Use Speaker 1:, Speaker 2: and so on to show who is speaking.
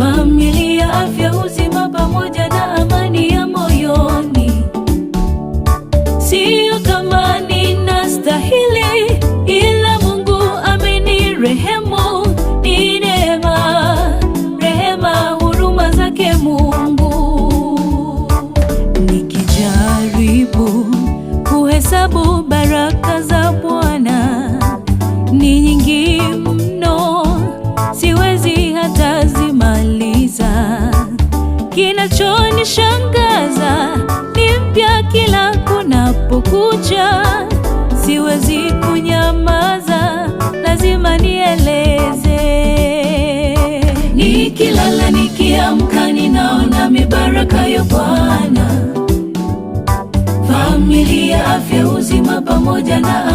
Speaker 1: familia, afya, uzima pamoja na amani ya moyoni. Siyo kama ninastahili, ila Mungu amenirehemu. Ni neema, rehema, huruma zake Mungu. Nikijaribu kuhesabu baraka za Bwana ni nyingi Kinachonishangaza ni mpya kila kunapokucha, siwezi kunyamaza, lazima nieleze.
Speaker 2: Nikilala nikiamka, ninaona mibaraka ya Bwana, familia, afya, uzima pamoja na